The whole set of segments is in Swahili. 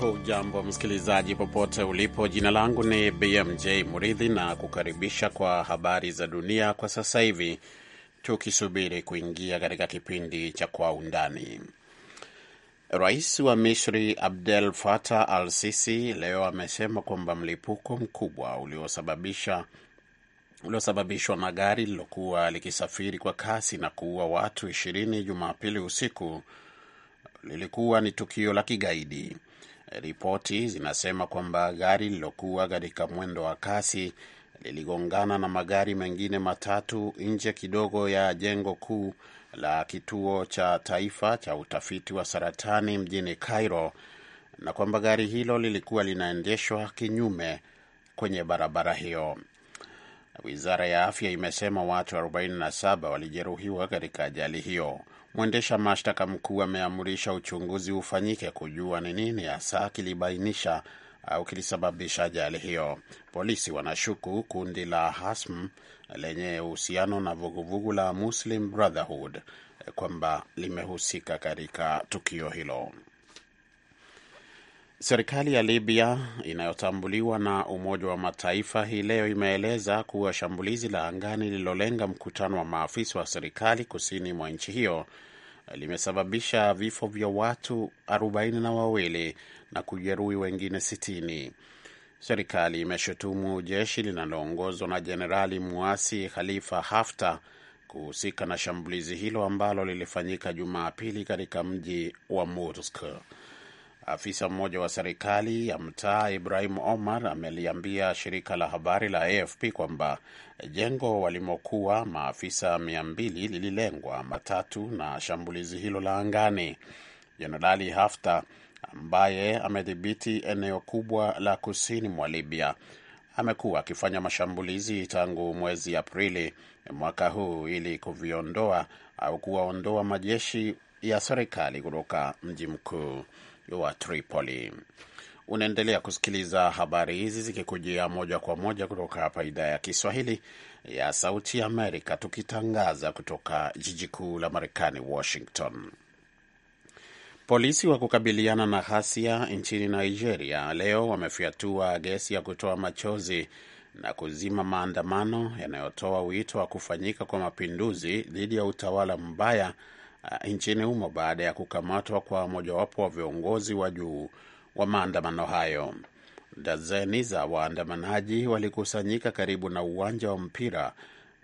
Hujambo msikilizaji, popote ulipo. Jina langu ni BMJ Muridhi na kukaribisha kwa habari za dunia kwa sasa hivi, tukisubiri kuingia katika kipindi cha Kwa Undani. Rais wa Misri Abdel Fattah al Sisi leo amesema kwamba mlipuko mkubwa uliosababisha uliosababishwa na gari lilokuwa likisafiri kwa kasi na kuua watu ishirini Jumapili usiku lilikuwa ni tukio la kigaidi. Ripoti zinasema kwamba gari lilokuwa katika mwendo wa kasi liligongana na magari mengine matatu nje kidogo ya jengo kuu la kituo cha taifa cha utafiti wa saratani mjini Cairo na kwamba gari hilo lilikuwa linaendeshwa kinyume kwenye barabara hiyo. Wizara ya afya imesema watu 47 walijeruhiwa katika ajali hiyo. Mwendesha mashtaka mkuu ameamrisha uchunguzi ufanyike kujua ni nini hasa kilibainisha au kilisababisha ajali hiyo. Polisi wanashuku kundi la Hasm lenye uhusiano na vuguvugu la Muslim Brotherhood kwamba limehusika katika tukio hilo. Serikali ya Libya inayotambuliwa na Umoja wa Mataifa hii leo imeeleza kuwa shambulizi la angani lililolenga mkutano wa maafisa wa serikali kusini mwa nchi hiyo limesababisha vifo vya watu arobaini na wawili na kujeruhi wengine sitini. Serikali imeshutumu jeshi linaloongozwa na jenerali muasi Khalifa Haftar kuhusika na shambulizi hilo ambalo lilifanyika Jumapili katika mji wa Mosul. Afisa mmoja wa serikali ya mtaa Ibrahim Omar ameliambia shirika la habari la AFP kwamba jengo walimokuwa maafisa mia mbili lililengwa matatu na shambulizi hilo la angani. Jenerali Haftar ambaye amedhibiti eneo kubwa la kusini mwa Libya amekuwa akifanya mashambulizi tangu mwezi Aprili mwaka huu ili kuviondoa au kuwaondoa majeshi ya serikali kutoka mji mkuu wa Tripoli. Unaendelea kusikiliza habari hizi zikikujia moja kwa moja kutoka hapa idhaa ya Kiswahili ya Sauti ya Amerika, tukitangaza kutoka jiji kuu la Marekani, Washington. Polisi wa kukabiliana na ghasia nchini Nigeria leo wamefyatua gesi ya kutoa machozi na kuzima maandamano yanayotoa wito wa kufanyika kwa mapinduzi dhidi ya utawala mbaya Ah, nchini humo baada ya kukamatwa kwa mojawapo wa viongozi wa juu wa maandamano hayo. Dazeni za waandamanaji walikusanyika karibu na uwanja wa mpira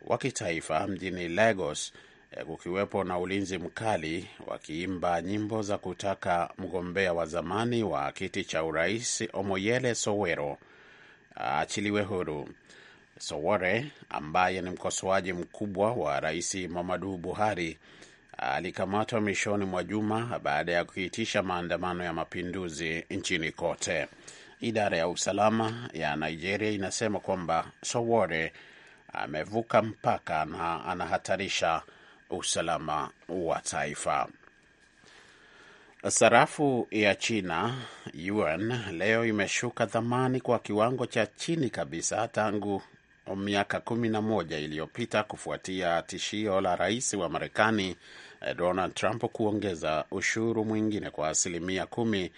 wa kitaifa mjini Lagos, eh, kukiwepo na ulinzi mkali, wakiimba nyimbo za kutaka mgombea wa zamani wa kiti cha urais Omoyele sowero aachiliwe ah, huru. Sowore ambaye ni mkosoaji mkubwa wa Rais Muhammadu Buhari alikamatwa mwishoni mwa juma baada ya kuitisha maandamano ya mapinduzi nchini kote. Idara ya usalama ya Nigeria inasema kwamba Sowore amevuka mpaka na anahatarisha usalama wa taifa. Sarafu ya China yuan leo imeshuka thamani kwa kiwango cha chini kabisa tangu miaka kumi na moja iliyopita kufuatia tishio la rais wa Marekani eh, Donald Trump kuongeza ushuru mwingine kwa asilimia kumi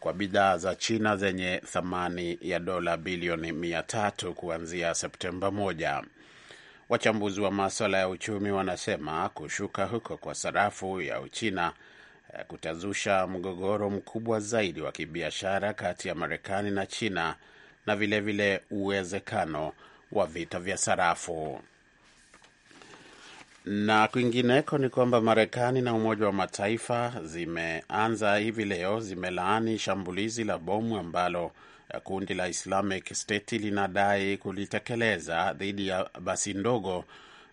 kwa bidhaa za China zenye thamani ya dola bilioni mia tatu kuanzia Septemba moja. Wachambuzi wa maswala ya uchumi wanasema kushuka huko kwa sarafu ya Uchina eh, kutazusha mgogoro mkubwa zaidi wa kibiashara kati ya Marekani na China na vilevile vile uwezekano wa vita vya sarafu. Na kwingineko ni kwamba Marekani na Umoja wa Mataifa zimeanza hivi leo, zimelaani shambulizi la bomu ambalo kundi la Islamic State linadai kulitekeleza dhidi ya basi ndogo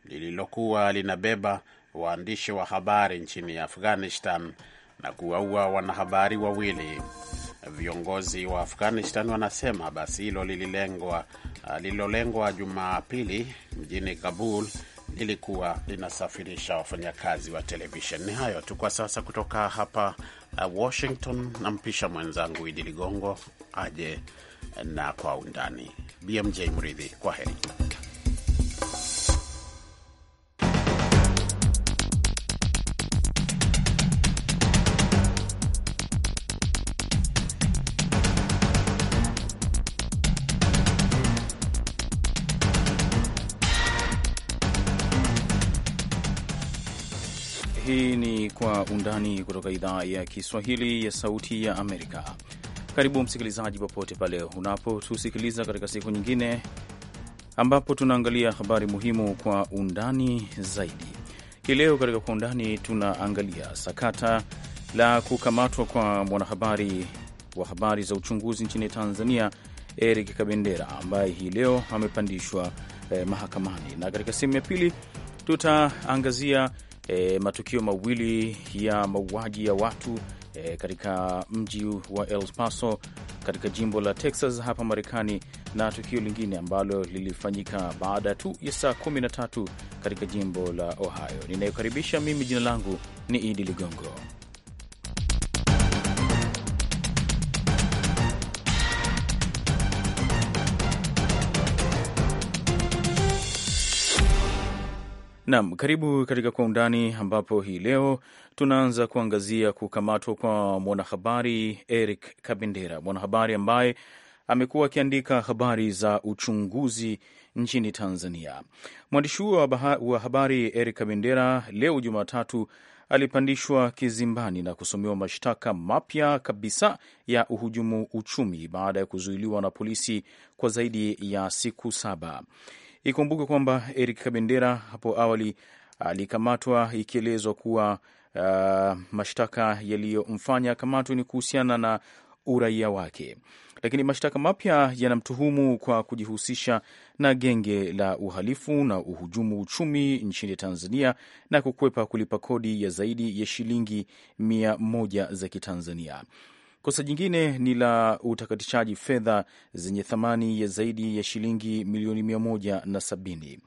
lililokuwa linabeba waandishi wa habari nchini Afghanistan na kuwaua wanahabari wawili. Viongozi wa Afghanistan wanasema basi hilo lililengwa ah, lililolengwa Jumapili mjini Kabul lilikuwa linasafirisha wafanyakazi wa televisheni. Ni hayo tu kwa sasa kutoka hapa ah, Washington. Nampisha mwenzangu Idi Ligongo aje na kwa undani. BMJ Mridhi, kwa heri. Undani kutoka idhaa ya Kiswahili ya Sauti ya Amerika. Karibu msikilizaji, popote pale unapotusikiliza katika siku nyingine ambapo tunaangalia habari muhimu kwa undani zaidi. Hii leo katika kwa undani tunaangalia sakata la kukamatwa kwa mwanahabari wa habari za uchunguzi nchini Tanzania Eric Kabendera ambaye hii leo amepandishwa eh, mahakamani, na katika sehemu ya pili tutaangazia e, matukio mawili ya mauaji ya watu e, katika mji wa El Paso katika jimbo la Texas hapa Marekani na tukio lingine ambalo lilifanyika baada tu ya saa 13 katika jimbo la Ohio. Ninayokaribisha mimi, jina langu ni Idi Ligongo. Naam, karibu katika Kwa Undani, ambapo hii leo tunaanza kuangazia kukamatwa kwa mwanahabari Eric Kabendera, mwanahabari ambaye amekuwa akiandika habari za uchunguzi nchini Tanzania. Mwandishi huo wa habari Eric Kabendera leo Jumatatu alipandishwa kizimbani na kusomewa mashtaka mapya kabisa ya uhujumu uchumi baada ya kuzuiliwa na polisi kwa zaidi ya siku saba. Ikumbuke kwamba Eric Kabendera hapo awali alikamatwa ikielezwa kuwa uh, mashtaka yaliyomfanya kamatwe ni kuhusiana na uraia wake, lakini mashtaka mapya yanamtuhumu kwa kujihusisha na genge la uhalifu na uhujumu uchumi nchini Tanzania na kukwepa kulipa kodi ya zaidi ya shilingi mia moja za Kitanzania. Kosa jingine ni la utakatishaji fedha zenye thamani ya zaidi ya shilingi milioni mia moja na sabini.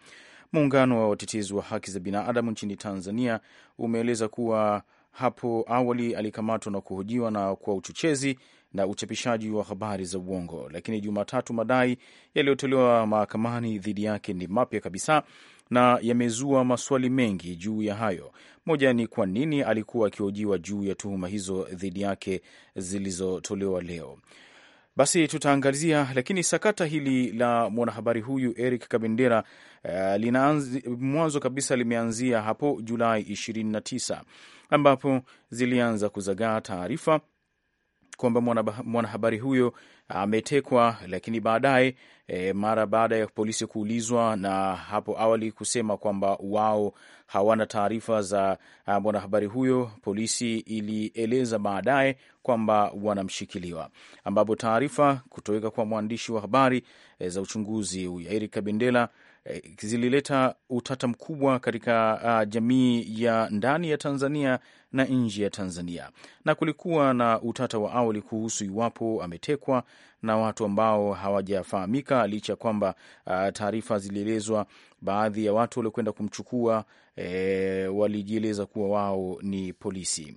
Muungano wa watetezi wa haki za binadamu nchini Tanzania umeeleza kuwa hapo awali alikamatwa na kuhojiwa na kwa uchochezi na uchapishaji wa habari za uongo, lakini Jumatatu madai yaliyotolewa mahakamani dhidi yake ni mapya kabisa na yamezua maswali mengi juu ya hayo. Moja ni kwa nini alikuwa akihojiwa juu ya tuhuma hizo dhidi yake zilizotolewa leo. Basi tutaangazia, lakini sakata hili la mwanahabari huyu Eric Kabendera uh, mwanzo kabisa limeanzia hapo Julai 29 ambapo zilianza kuzagaa taarifa kwamba mwanahabari huyo ametekwa, lakini baadaye e, mara baada ya polisi kuulizwa na hapo awali kusema kwamba wao hawana taarifa za mwanahabari huyo, polisi ilieleza baadaye kwamba wanamshikiliwa, ambapo taarifa kutoweka kwa mwandishi wa habari e, za uchunguzi Eric Kabendela Eh, zilileta utata mkubwa katika uh, jamii ya ndani ya Tanzania na nje ya Tanzania, na kulikuwa na utata wa awali kuhusu iwapo ametekwa na watu ambao hawajafahamika, licha ya kwamba uh, taarifa zilielezwa, baadhi ya watu waliokwenda kumchukua eh, walijieleza kuwa wao ni polisi.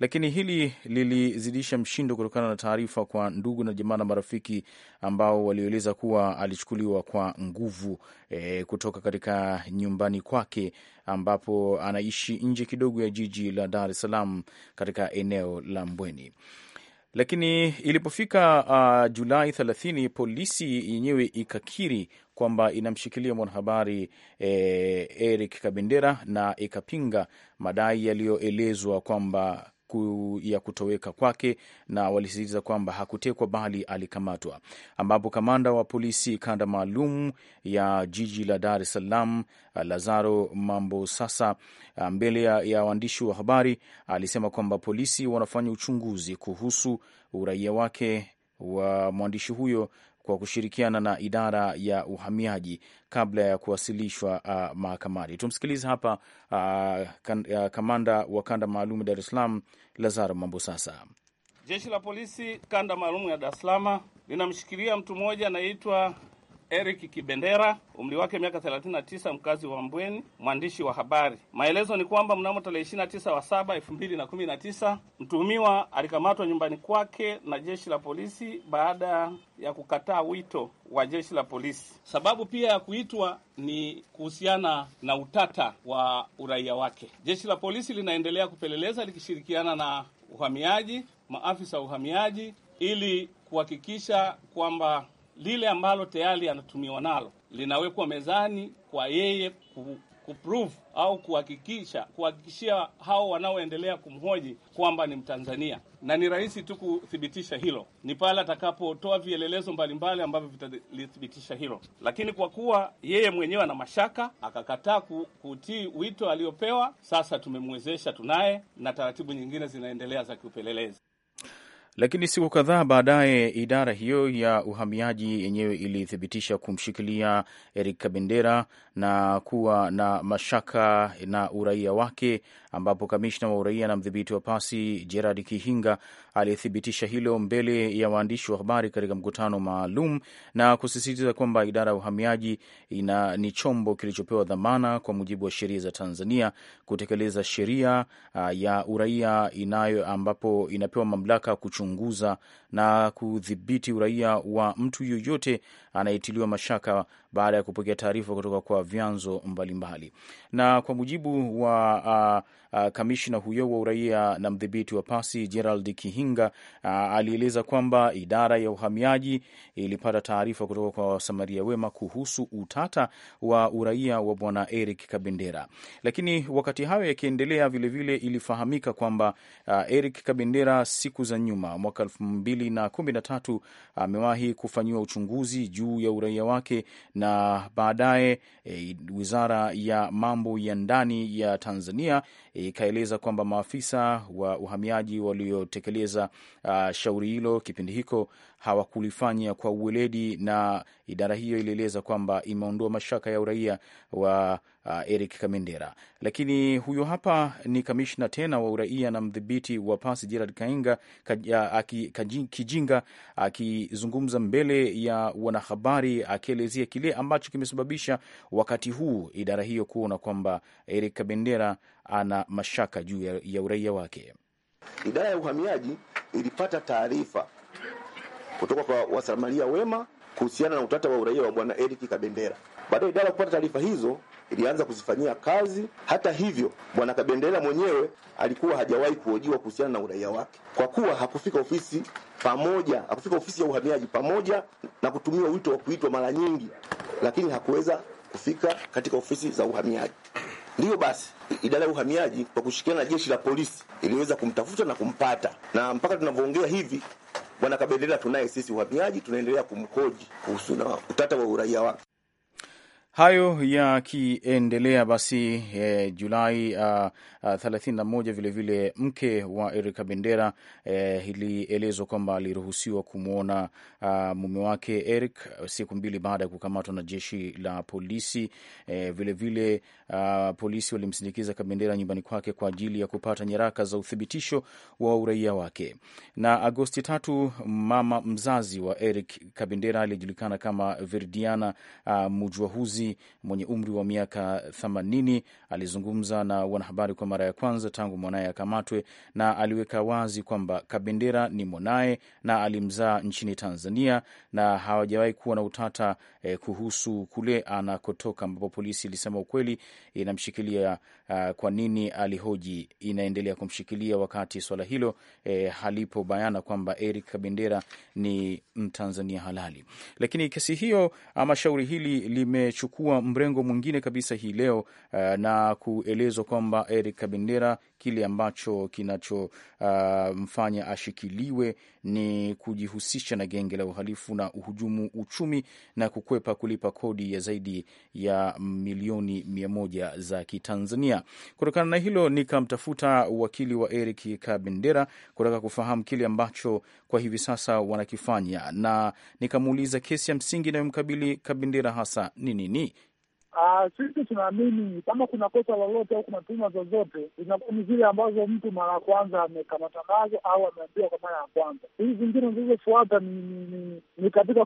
Lakini hili lilizidisha mshindo kutokana na taarifa kwa ndugu na jamaa na marafiki ambao walioeleza kuwa alichukuliwa kwa nguvu e, kutoka katika nyumbani kwake ambapo anaishi nje kidogo ya jiji la Dar es Salaam katika eneo la Mbweni lakini ilipofika uh, Julai 30 polisi yenyewe ikakiri kwamba inamshikilia mwanahabari eh, Eric Kabendera na ikapinga madai yaliyoelezwa kwamba ku, ya kutoweka kwake, na walisisitiza kwamba hakutekwa bali alikamatwa, ambapo kamanda wa polisi kanda maalum ya jiji la Dar es Salaam Lazaro sasa mbele ya waandishi wa habari alisema kwamba polisi wanafanya uchunguzi kuhusu uraia wake wa mwandishi huyo kwa kushirikiana na idara ya uhamiaji kabla ya kuwasilishwa uh, mahakamani. Tumsikilize hapa uh, kan, uh, kamanda wa kanda maalum Dar es Salaam Lazaro sasa Jeshi la polisi kanda maalum ya Dar es Salaam linamshikilia mtu mmoja anaitwa Eric Kibendera, umri wake miaka 39, mkazi wa Mbweni, mwandishi wa habari. Maelezo ni kwamba mnamo tarehe 29 wa 7 2019 mtuhumiwa alikamatwa nyumbani kwake na jeshi la polisi baada ya kukataa wito wa jeshi la polisi. Sababu pia ya kuitwa ni kuhusiana na utata wa uraia wake. Jeshi la polisi linaendelea kupeleleza likishirikiana na uhamiaji, maafisa wa uhamiaji ili kuhakikisha kwamba lile ambalo tayari anatumiwa nalo linawekwa mezani kwa yeye ku kuprove au kuhakikisha kuhakikishia hao wanaoendelea kumhoji kwamba ni Mtanzania, na ni rahisi tu kuthibitisha hilo ni pale atakapotoa vielelezo mbalimbali ambavyo vitalithibitisha hilo. Lakini kwa kuwa yeye mwenyewe ana mashaka, akakataa kutii wito aliopewa sasa tumemwezesha, tunaye na taratibu nyingine zinaendelea za kiupelelezi. Lakini siku kadhaa baadaye idara hiyo ya uhamiaji yenyewe ilithibitisha kumshikilia Eric Kabendera na kuwa na mashaka na uraia wake, ambapo kamishna wa uraia na mdhibiti wa pasi Gerard Kihinga alithibitisha hilo mbele ya waandishi wa habari katika mkutano maalum na kusisitiza kwamba idara ya uhamiaji ina ni chombo kilichopewa dhamana kwa mujibu wa sheria za Tanzania kutekeleza sheria ya uraia inayo, ambapo inapewa mamlaka kuchunguza na kudhibiti uraia wa mtu yoyote anayetiliwa mashaka baada ya kupokea taarifa kutoka kwa vyanzo mbalimbali mbali. Na kwa mujibu wa uh, uh, kamishna huyo wa uraia na mdhibiti wa pasi Gerald Kihinga uh, alieleza kwamba idara ya uhamiaji ilipata taarifa kutoka kwa wasamaria wema kuhusu utata wa uraia wa bwana Eric Kabendera. Lakini wakati hayo yakiendelea, vilevile ilifahamika kwamba uh, Eric Kabendera siku za nyuma mwaka elfu mbili na kumi na tatu amewahi uh, kufanyiwa uchunguzi juu ya uraia wake, na baadaye e, wizara ya mambo ya ndani ya Tanzania e, ikaeleza e, kwamba maafisa wa uhamiaji waliotekeleza uh, shauri hilo kipindi hiko hawakulifanya kwa uweledi, na idara hiyo ilieleza kwamba imeondoa mashaka ya uraia wa uh, Eric Kamendera. Lakini huyo hapa ni kamishna tena wa uraia na mdhibiti wa pasi Gerard Kainga Kijinga akizungumza mbele ya wanahabari akielezea kile ambacho kimesababisha wakati huu idara hiyo kuona kwamba Eric Kabendera ana mashaka juu ya uraia wake. Idara ya uhamiaji ilipata taarifa kutoka kwa wasamaria wema kuhusiana na utata wa uraia wa bwana Eric Kabendera. Baada ya idara kupata taarifa hizo ilianza kuzifanyia kazi. Hata hivyo, bwana Kabendera mwenyewe alikuwa hajawahi kuhojiwa kuhusiana na uraia wake, kwa kuwa hakufika ofisi pamoja, hakufika ofisi ya uhamiaji pamoja na kutumia wito wa kuitwa mara nyingi, lakini hakuweza kufika katika ofisi za uhamiaji. Ndiyo basi idara ya uhamiaji kwa kushirikiana na jeshi la polisi iliweza kumtafuta na kumpata, na mpaka tunavyoongea hivi Bwana Kabendera tunaye sisi uhamiaji, tunaendelea kumhoji kuhusu na utata wa uraia wake. Hayo yakiendelea basi, eh, Julai uh, uh, 31 vilevile mke wa Erika Bendera eh, ilielezwa kwamba aliruhusiwa kumwona uh, ah, mume wake Eric eh, siku mbili baada ya kukamatwa na jeshi la polisi. Vilevile eh, vile, uh, polisi walimsindikiza Kabendera nyumbani kwake kwa ajili ya kupata nyaraka za uthibitisho wa uraia wake. Na Agosti tatu, mama mzazi wa Eric Kabendera aliyejulikana kama Verdiana uh, Mujwahuzi mwenye umri wa miaka 80 alizungumza na wanahabari kwa mara ya kwanza tangu mwanaye akamatwe, na aliweka wazi kwamba Kabendera ni mwanaye na alimzaa nchini Tanzania na hawajawahi kuwa na utata eh, kuhusu kule anakotoka, ambapo polisi ilisema ukweli inamshikilia uh, kwa nini alihoji inaendelea kumshikilia wakati swala hilo eh, halipo bayana kwamba Eric Kabendera ni Mtanzania halali. Lakini kesi hiyo ama shauri hili limechukua mrengo mwingine kabisa hii leo uh, na kuelezwa kwamba Eric Kabendera kile ambacho kinachomfanya uh, ashikiliwe ni kujihusisha na genge la uhalifu na uhujumu uchumi na kukwepa kulipa kodi ya zaidi ya milioni mia moja za Kitanzania. Kutokana na hilo, nikamtafuta wakili wa Eric Kabendera kutaka kufahamu kile ambacho kwa hivi sasa wanakifanya, na nikamuuliza kesi ya msingi inayomkabili Kabendera hasa ni nini? Uh, sisi tunaamini kama kuna kosa lolote au kuna tuma zozote zinakuwa ni zile ambazo mtu mara ya kwanza amekamata nazo au ameambiwa kwa mara ya kwanza. Hizi zingine zilizofuata ni, ni, ni, ni katika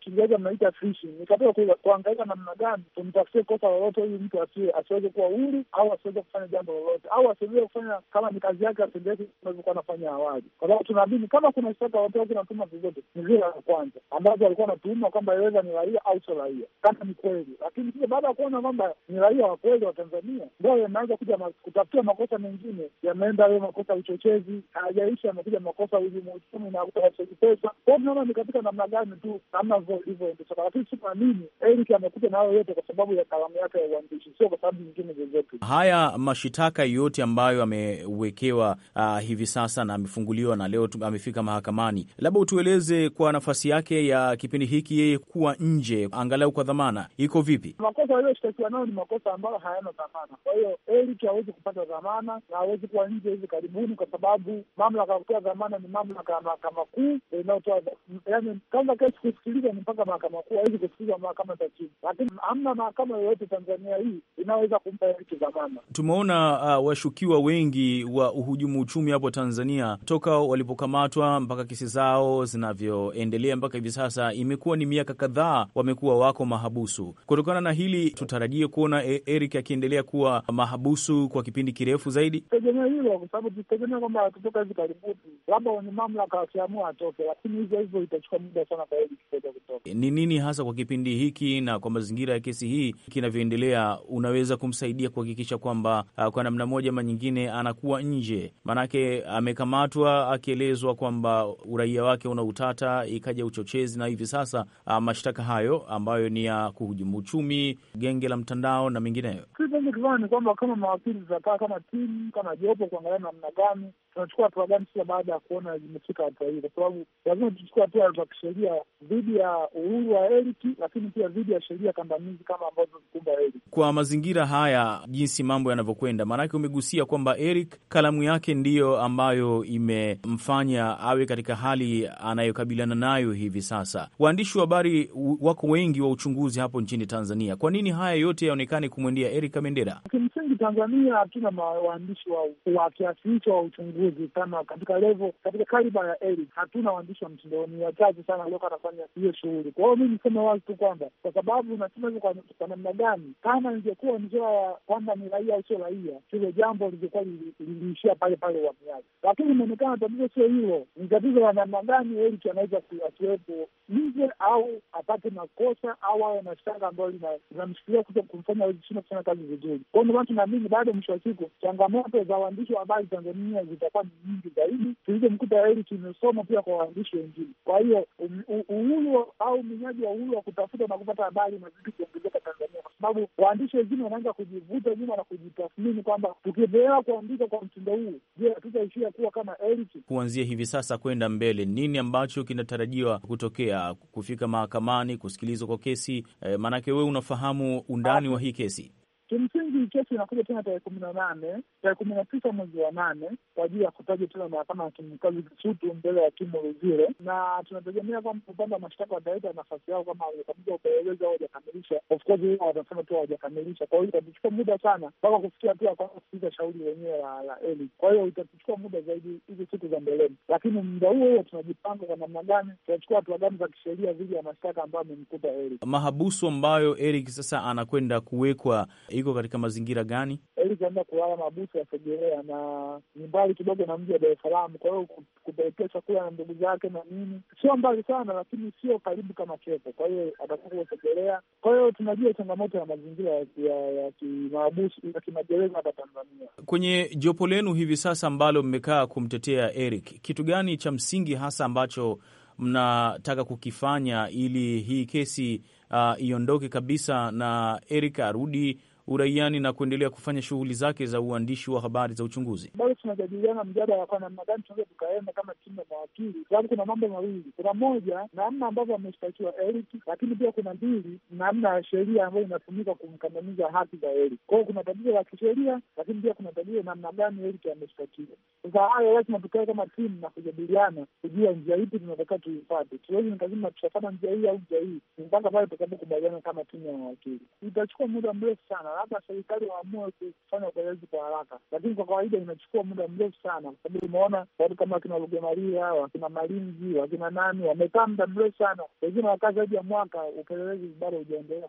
Kiingereza mnaita fishing, ni katika kuangaika namna gani tumtafutie kosa lolote huyu mtu asiweze kuwa huru au asiweze kufanya jambo lolote au asiweze kufanya kama ni kazi yake asendeke alivyokuwa anafanya awali, kwa sababu tunaamini kama kuna shtaka lolote au kuna tuma zozote ni zile za kwanza ambazo alikuwa anatuma kwamba iweza ni raia au sio raia, kama ni kweli, lakini baada ya kuona kwamba ni raia wa kweli wa Tanzania, ndio yameanza kuja kutafutia makosa mengine, yameenda hayo makosa ya uchochezi, hayajaisha amekuja makosa ya uhujumu uchumi na uasaji pesa. Kwa hiyo tunaona ni katika namna gani tu namna ilivyoendesha, lakini si naamini Eric amekuja nayo yote kwa sababu ya kalamu yake ya uandishi, sio kwa sababu nyingine zozote. Haya mashitaka yote ambayo amewekewa uh, hivi sasa na amefunguliwa na leo amefika mahakamani, labda utueleze kwa nafasi yake ya kipindi hiki yeye kuwa nje angalau kwa dhamana iko vipi? Makosa sasa walioshtakiwa nao ni makosa ambayo hayana dhamana. Kwa hiyo Eric hawezi kupata dhamana na hawezi kuwa nje hivi karibuni, kwa sababu mamlaka ya kutoa dhamana ni mamlaka ya mahakama kuu inayotoa Yani kama kesi kusikilizwa ni mpaka mahakama kuu, hawezi kusikilizwa mahakama za chini, lakini hamna mahakama yoyote Tanzania hii inaweza kumpa Eric dhamana. Tumeona uh, washukiwa wengi wa uhujumu uchumi hapo Tanzania toka walipokamatwa mpaka kesi zao zinavyoendelea mpaka hivi sasa, imekuwa ni miaka kadhaa wamekuwa wako mahabusu kutokana na hili hili tutarajie kuona e, Eric akiendelea kuwa mahabusu kwa kipindi kirefu zaidi? Tegemea hilo, kwa sababu tutegemea kwamba akitoka hivi karibuni, labda wenye mamlaka wakiamua atoke, lakini hivyo hivyo itachukua muda sana kwa Eric kuweza kutoka. E, ni nini hasa kwa kipindi hiki na kwa mazingira ya kesi hii kinavyoendelea, unaweza kumsaidia kuhakikisha kwamba kwa namna moja ama nyingine anakuwa nje? Maanake amekamatwa akielezwa kwamba uraia wake una utata, ikaja uchochezi na hivi sasa mashtaka hayo ambayo ni ya kuhujumu uchumi genge la mtandao na mengineyo. Kitu ni kwamba kama mawakili tutakaa kama timu, kama jopo, kuangalia namna gani tunachukua hatua gani sasa baada ya kuona zimefika hatua hii? Kwa sababu lazima tuchukua hatua za kisheria dhidi ya uhuru wa Eriki, lakini pia dhidi ya sheria kandamizi kama ambazo zikumba Eriki. Kwa mazingira haya, jinsi mambo yanavyokwenda, maanake umegusia kwamba Eric kalamu yake ndiyo ambayo imemfanya awe katika hali anayokabiliana nayo hivi sasa. Waandishi wa habari wako wengi wa uchunguzi hapo nchini Tanzania, kwa nini haya yote yaonekane kumwendea Eric Kamendera? Kimsingi Tanzania hatuna waandishi wa kiasi hicho wa uchunguzi juzi sana katika levo, katika kariba ya eli, hatuna waandishi wa mtindo, ni wachache sana walioko anafanya hiyo shughuli. Kwa hiyo mi niseme wazi tu kwamba kwa sababu nasema hivyo kwa namna gani, kama ingekuwa njia ya kwamba ni raia au sio raia, hilo jambo lingekuwa liliishia pale pale uhamiaji, lakini imeonekana tatizo sio hilo, ni tatizo la namna gani eli anaweza asiwepo nje au apate makosa au awe na shanga ambayo linamshikilia kuto kumfanya kufanya kazi vizuri. Kwa hiyo ndio maana tunaamini bado mwisho wa siku changamoto za waandishi wa habari Tanzania zita zitakuwa ni nyingi zaidi tulivyomkuta Eric imesoma pia kwa waandishi wengine. Kwa hiyo um, uhuru au minyaji wa uhuru wa kutafuta na kupata habari unazidi kuongezeka Tanzania, kwa sababu waandishi wengine wanaanza kujivuta nyuma na kujitathmini kwamba tukiendelea kuandika kwa mtindo huu, je, hatutaishia kuwa kama Eric? Kuanzia hivi sasa kwenda mbele, nini ambacho kinatarajiwa kutokea, kufika mahakamani, kusikilizwa kwa kesi? E, maanake wewe unafahamu undani ah, wa hii kesi Kimsingi kesi inakuja tena tarehe kumi na nane tarehe kumi na tisa mwezi wa nane kwa ajili ya kutaja tena mahakama ya kimkazi Kisutu mbele ya Kimuruzile, na tunategemea kwamba upande wa mashtaka wataleta nafasi yao kama wajakamilisha upelelezi au wajakamilisha. Of course watasema tu hawajakamilisha, kwa hiyo itatuchukua muda sana mpaka kufikia hatua kwa kusikiliza shauri lenyewe la la Eli. Kwa hiyo itatuchukua muda zaidi hizi siku za mbeleni, lakini muda huo huo tunajipanga kwa namna gani, tunachukua hatua gani za kisheria dhidi ya mashtaka ambayo amemkuta Eli, mahabusu ambayo Eric sasa anakwenda kuwekwa iko katika mazingira gani? Elisi aenda kulala mabusu ya Segerea na ni mbali kidogo na mji wa Dar es Salaam, kwa hiyo kupelekea chakula na ndugu zake na nini, sio mbali sana, lakini sio karibu kama Chepo. Kwa hiyo atakuwa Segerea. Kwa hiyo tunajua changamoto ya mazingira ya kimaabusu ya kimajereza hapa Tanzania. Kwenye jopo lenu hivi sasa ambalo mmekaa kumtetea Eric, kitu gani cha msingi hasa ambacho mnataka kukifanya ili hii kesi uh, iondoke kabisa na Eric arudi uraiani na kuendelea kufanya shughuli zake za uandishi wa habari za uchunguzi. Bado tunajadiliana mjadala kwa namna gani tunaweza tukaenda kama timu ya mawakili, sababu kuna mambo mawili. Kuna moja, namna ambavyo ameshtakiwa Eric, lakini pia kuna mbili, namna ya sheria ambayo inatumika kumkandamiza haki za Eric. Kwa hiyo kuna tatizo la kisheria, lakini pia kuna tatizo namna gani Eric ameshtakiwa. Sasa hayo lazima tukae kama timu na kujadiliana, kujua njia ipi tunatakiwa tuipate. Siwezi nikasema tutafata njia hii au njia hii, mpaka pale tutakapokubaliana kama timu ya mawakili. Itachukua muda mrefu sana haraka serikali waamue kufanya upelelezi kwa haraka, lakini kwa kawaida inachukua muda mrefu sana, kwa sababu umeona watu kama wakina Lugemaria, wakina Malinzi, wakina nani wamekaa muda mrefu sana, wengine wakaa zaidi ya mwaka, upelelezi bado hujaendelea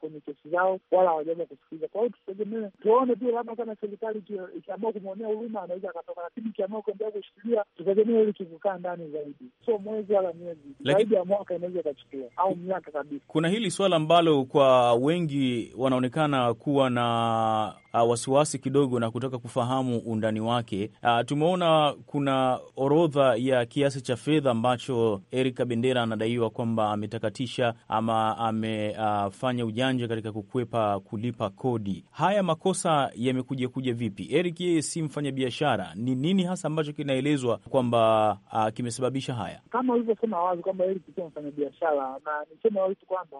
kwenye kesi zao, wala hawajaweza kusikiliza. Kwa hiyo tutegemee tuone pia, labda kama serikali ikiamua kumwonea huruma anaweza akatoka, lakini ikiamua kuendelea kushikilia, tutegemee ili kikukaa ndani zaidi, sio mwezi wala miezi, zaidi ya mwaka inaweza ikachukua au miaka kabisa. Kuna hili swala ambalo kwa wengi wanaonekana ku kuwa na ah, wasiwasi kidogo na kutaka kufahamu undani wake. Ah, tumeona kuna orodha ya kiasi cha fedha ambacho Eric Kabendera anadaiwa kwamba ametakatisha ama amefanya ujanja katika kukwepa kulipa kodi. Haya makosa yamekuja kuja vipi? Eric yeye si mfanyabiashara, ni nini hasa ambacho kinaelezwa kwamba ah, kimesababisha haya? Kama ulivyosema wazi kwamba Eric sio mfanyabiashara, na niseme wazi kwamba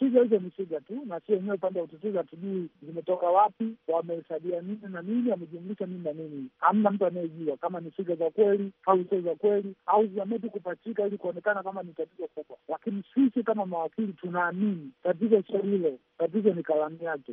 Twiga hizo ni twiga tu, na si wenyewe upande wa utetezi hatujui zimetoka wapi, wamesaidia nini na nini, wamejumlisha nini na nini. Hamna mtu anayejua kama ni twiga za kweli au sio za kweli, au zametu kupachika ili kuonekana kama ni tatizo kubwa. Lakini sisi kama mawakili tunaamini tatizo sio hilo, tatizo ni kalamu yake.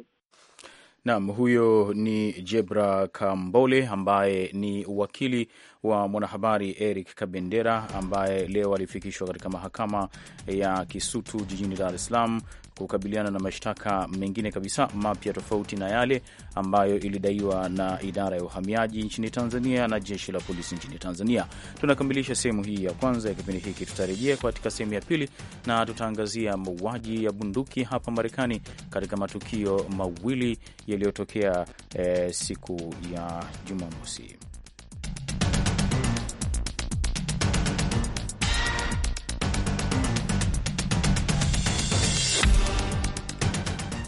Naam, huyo ni Jebra Kambole ambaye ni wakili wa mwanahabari Eric Kabendera ambaye leo alifikishwa katika mahakama ya Kisutu jijini Dar es Salaam kukabiliana na mashtaka mengine kabisa mapya tofauti na yale ambayo ilidaiwa na idara ya uhamiaji nchini Tanzania na jeshi la polisi nchini Tanzania. Tunakamilisha sehemu hii ya kwanza ya kipindi hiki. Tutarejea katika sehemu ya pili na tutaangazia mauaji ya bunduki hapa Marekani katika matukio mawili yaliyotokea eh, siku ya Jumamosi.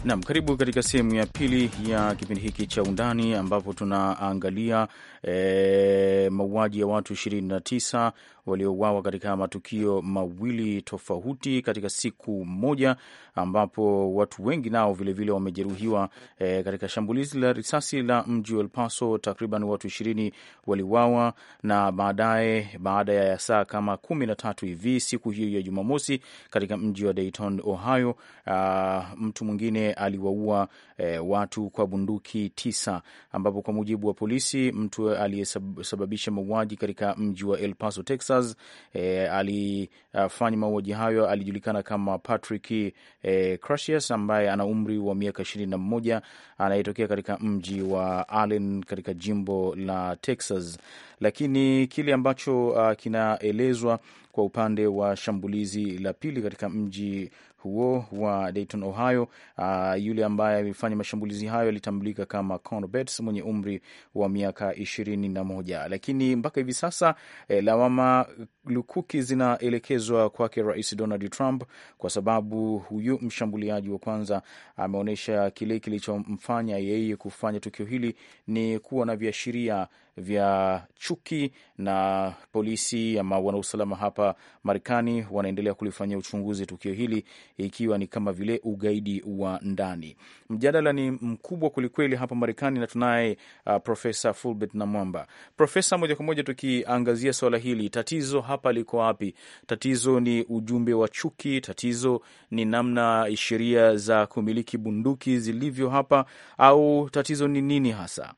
Nam, karibu katika sehemu ya pili ya kipindi hiki cha Undani, ambapo tunaangalia e, mauaji ya watu 29 waliouawa katika matukio mawili tofauti katika siku moja, ambapo watu wengi nao vilevile wamejeruhiwa e, katika shambulizi la risasi la mji wa El Paso. Takriban watu ishirini waliuawa, na baadaye, baada ya saa kama tatu hivi siku hiyo ya Jumamosi, katika mji wa Dayton, Ohio, a, ah, mtu mwingine aliwaua e, watu kwa bunduki tisa, ambapo kwa mujibu wa polisi mtu aliyesababisha mauaji katika mji wa El Paso, Texas, e, alifanya mauaji hayo alijulikana kama Patrick e, eh, Crasius ambaye ana umri wa miaka ishirini na mmoja anayetokea katika mji wa Allen katika jimbo la Texas, lakini kile ambacho uh, kinaelezwa kwa upande wa shambulizi la pili katika mji huo wa Dayton, Ohio. Uh, yule ambaye amefanya mashambulizi hayo alitambulika kama Conor Betts mwenye umri wa miaka ishirini na moja, lakini mpaka hivi sasa eh, lawama lukuki zinaelekezwa kwake Rais Donald Trump kwa sababu huyu mshambuliaji wa kwanza ameonyesha kile kilichomfanya yeye kufanya tukio hili ni kuwa na viashiria vya chuki, na polisi ama wanausalama hapa Marekani wanaendelea kulifanyia uchunguzi tukio hili, ikiwa ni kama vile ugaidi wa ndani. Mjadala ni mkubwa kwelikweli hapa Marekani, na tunaye uh, Profesa Fulbert Namwamba. Profesa, moja kwa moja tukiangazia swala hili, tatizo hapa liko wapi? Tatizo ni ujumbe wa chuki, tatizo ni namna sheria za kumiliki bunduki zilivyo hapa, au tatizo ni nini hasa?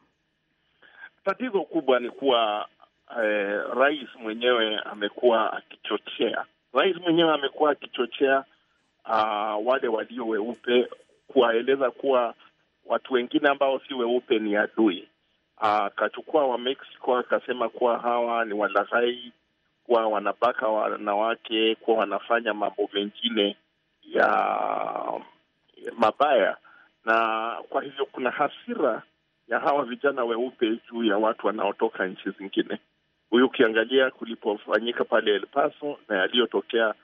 Tatizo kubwa ni kuwa eh, rais mwenyewe amekuwa akichochea, rais mwenyewe amekuwa akichochea uh, wale walio weupe kuwaeleza kuwa watu wengine ambao si weupe ni adui. Ah, akachukua uh, wa Mexico akasema kuwa hawa ni walaghai, kuwa wanabaka wanawake, kuwa wanafanya mambo mengine ya mabaya, na kwa hivyo kuna hasira ya hawa vijana weupe juu ya watu wanaotoka nchi zingine. Huyu ukiangalia kulipofanyika pale El Paso na yaliyotokea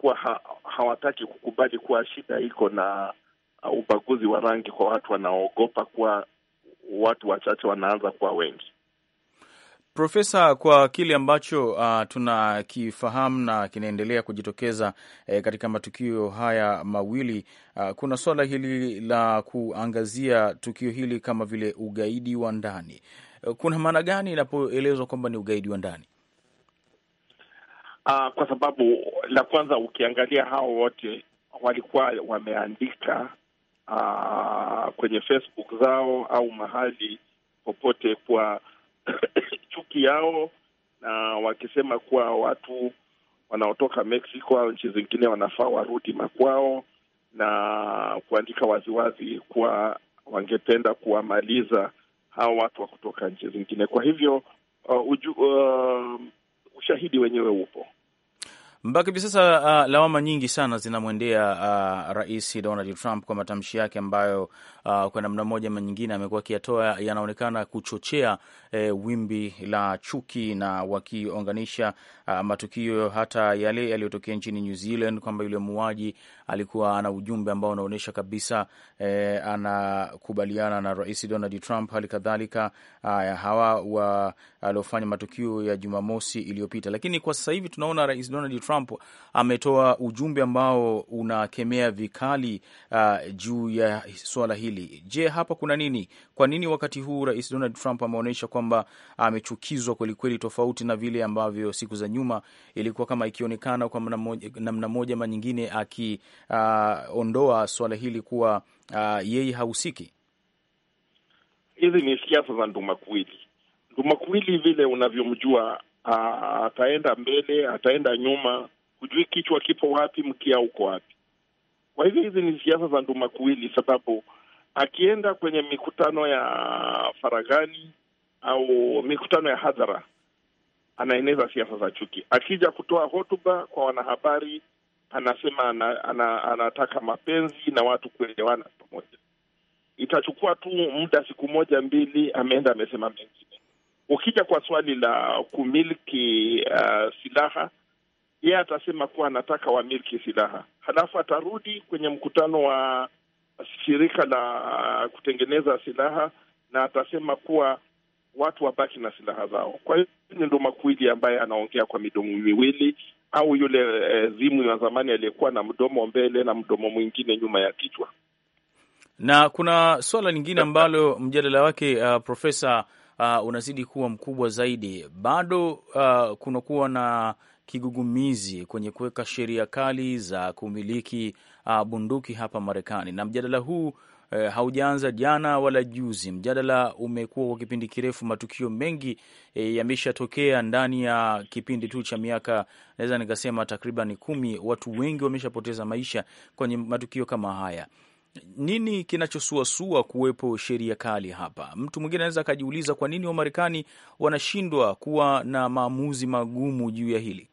kuwa ha, hawataki kukubali kuwa shida iko na uh, ubaguzi wa rangi kwa watu wanaoogopa kuwa watu wachache wanaanza kuwa wengi. Profesa, kwa kile ambacho uh, tunakifahamu na kinaendelea kujitokeza eh, katika matukio haya mawili uh, kuna suala hili la kuangazia tukio hili kama vile ugaidi wa ndani. Eh, kuna maana gani inapoelezwa kwamba ni ugaidi wa ndani? Uh, kwa sababu la kwanza, ukiangalia hao wote walikuwa wameandika uh, kwenye Facebook zao au mahali popote kwa chuki yao na wakisema kuwa watu wanaotoka Mexico au nchi zingine wanafaa warudi makwao, na kuandika waziwazi kuwa wangependa kuwamaliza hao watu wa kutoka nchi zingine. Kwa hivyo uh, uju, uh, ushahidi wenyewe upo. Mpaka hivi sasa uh, lawama nyingi sana zinamwendea uh, Rais Donald Trump kwa matamshi yake ambayo uh, kwa namna moja ama nyingine amekuwa akiyatoa, yanaonekana kuchochea eh, wimbi la chuki, na wakiunganisha uh, matukio hata yale yaliyotokea nchini New Zealand kwamba yule muuaji alikuwa ana ujumbe ambao unaonyesha kabisa e, anakubaliana na Rais Donald Trump. Hali kadhalika eh, hawa wa aliofanya matukio ya Jumamosi iliyopita, lakini kwa sasa hivi tunaona Rais Donald Trump ametoa ujumbe ambao unakemea vikali uh, juu ya suala hili. Je, hapa kuna nini? Kwa nini wakati huu Rais Donald Trump ameonyesha kwamba amechukizwa kwelikweli, tofauti na vile ambavyo siku za nyuma ilikuwa kama ikionekana kwa namna moja ama nyingine aki uh, ondoa suala hili kuwa uh, yeye hahusiki? Hizi ni siasa za ndumakuwili. Ndumakuwili vile unavyomjua, uh, ataenda mbele, ataenda nyuma, hujui kichwa kipo wapi, mkia uko wapi. Kwa hivyo hizi ni siasa za ndumakuwili, sababu akienda kwenye mikutano ya faragani au mikutano ya hadhara anaeneza siasa za chuki. Akija kutoa hotuba kwa wanahabari anasema ana, ana, anataka mapenzi na watu kuelewana pamoja. Itachukua tu muda siku moja mbili, ameenda amesema mengine. Ukija kwa swali la kumiliki uh, silaha, yeye atasema kuwa anataka wamiliki silaha, halafu atarudi kwenye mkutano wa shirika la kutengeneza silaha na atasema kuwa watu wabaki na silaha zao. Kwa hiyo ndo makuili ambaye anaongea kwa midomo miwili au yule e, eh, zimu wa zamani aliyekuwa na mdomo mbele na mdomo mwingine nyuma ya kichwa. Na kuna suala lingine ambalo mjadala wake uh, profesa uh, unazidi kuwa mkubwa zaidi, bado uh, kunakuwa na kigugumizi kwenye kuweka sheria kali za kumiliki uh, bunduki hapa Marekani, na mjadala huu e, haujaanza jana wala juzi. Mjadala umekuwa kwa kipindi kirefu, matukio mengi e, yameshatokea ndani ya kipindi tu cha miaka naweza nikasema takriban kumi. Watu wengi wameshapoteza maisha kwenye matukio kama haya. Nini kinachosuasua kuwepo sheria kali hapa? Mtu mwingine anaweza akajiuliza kwa nini Wamarekani wanashindwa kuwa na maamuzi magumu juu ya hili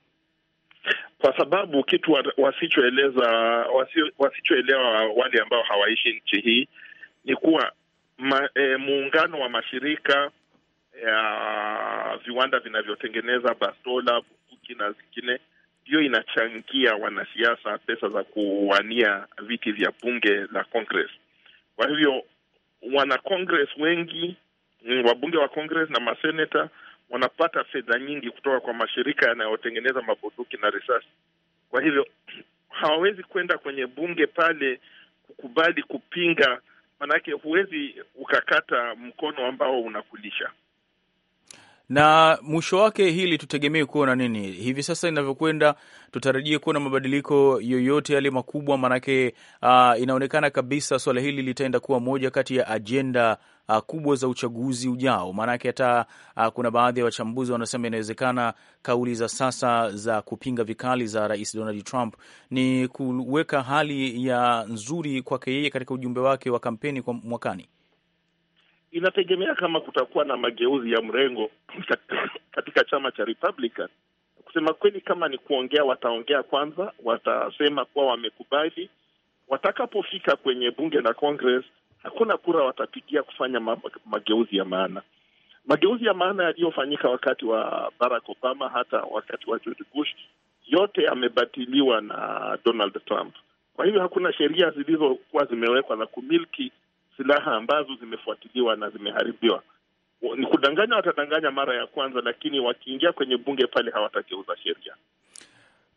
kwa sababu kitu wasichoeleza wasichoelewa wale ambao hawaishi nchi hii ni kuwa ma, e, muungano wa mashirika ya viwanda vinavyotengeneza bastola, bukuki na zingine ndiyo inachangia wanasiasa pesa za kuwania viti vya bunge la Congress. Kwa hivyo wana Congress wengi, mm, wabunge wa Congress na maseneta wanapata fedha nyingi kutoka kwa mashirika yanayotengeneza mabunduki na risasi. Kwa hivyo hawawezi kwenda kwenye bunge pale kukubali kupinga, manake huwezi ukakata mkono ambao unakulisha na mwisho wake hili tutegemee kuona nini hivi sasa inavyokwenda? Tutarajie kuona mabadiliko yoyote yale makubwa? Maanake uh, inaonekana kabisa swala hili litaenda kuwa moja kati ya ajenda uh, kubwa za uchaguzi ujao. Maanake hata uh, kuna baadhi ya wa wachambuzi wanasema inawezekana kauli za sasa za kupinga vikali za Rais Donald Trump ni kuweka hali ya nzuri kwake yeye katika ujumbe wake wa kampeni kwa mwakani inategemea kama kutakuwa na mageuzi ya mrengo katika chama cha Republican. Kusema kweli, kama ni kuongea, wataongea kwanza, watasema kuwa wamekubali. Watakapofika kwenye bunge na Congress, hakuna kura watapigia kufanya mageuzi ya maana. Mageuzi ya maana yaliyofanyika wakati wa Barack Obama, hata wakati wa George Bush, yote yamebatiliwa na Donald Trump. Kwa hivyo hakuna sheria zilizokuwa zimewekwa za kumiliki silaha ambazo zimefuatiliwa na zimeharibiwa. Ni kudanganya, watadanganya mara ya kwanza, lakini wakiingia kwenye bunge pale hawatageuza sheria.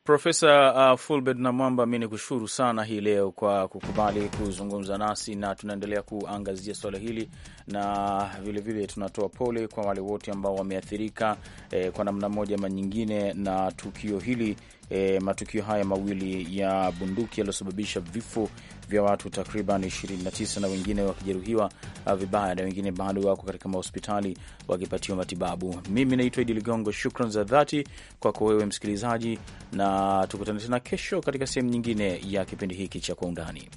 Profesa uh, Fulbert Namwamba, mi ni kushukuru sana hii leo kwa kukubali kuzungumza nasi, na tunaendelea kuangazia swala hili na vilevile vile tunatoa pole kwa wale wote ambao wameathirika eh, kwa namna moja ama nyingine na tukio hili e, matukio haya mawili ya bunduki yaliyosababisha vifo vya watu takriban 29 na wengine wakijeruhiwa ah, vibaya na wengine bado wako katika mahospitali wakipatiwa matibabu. Mimi naitwa Idi Ligongo, shukran za dhati kwako wewe msikilizaji, na tukutane tena kesho katika sehemu nyingine ya kipindi hiki cha Kwa Undani.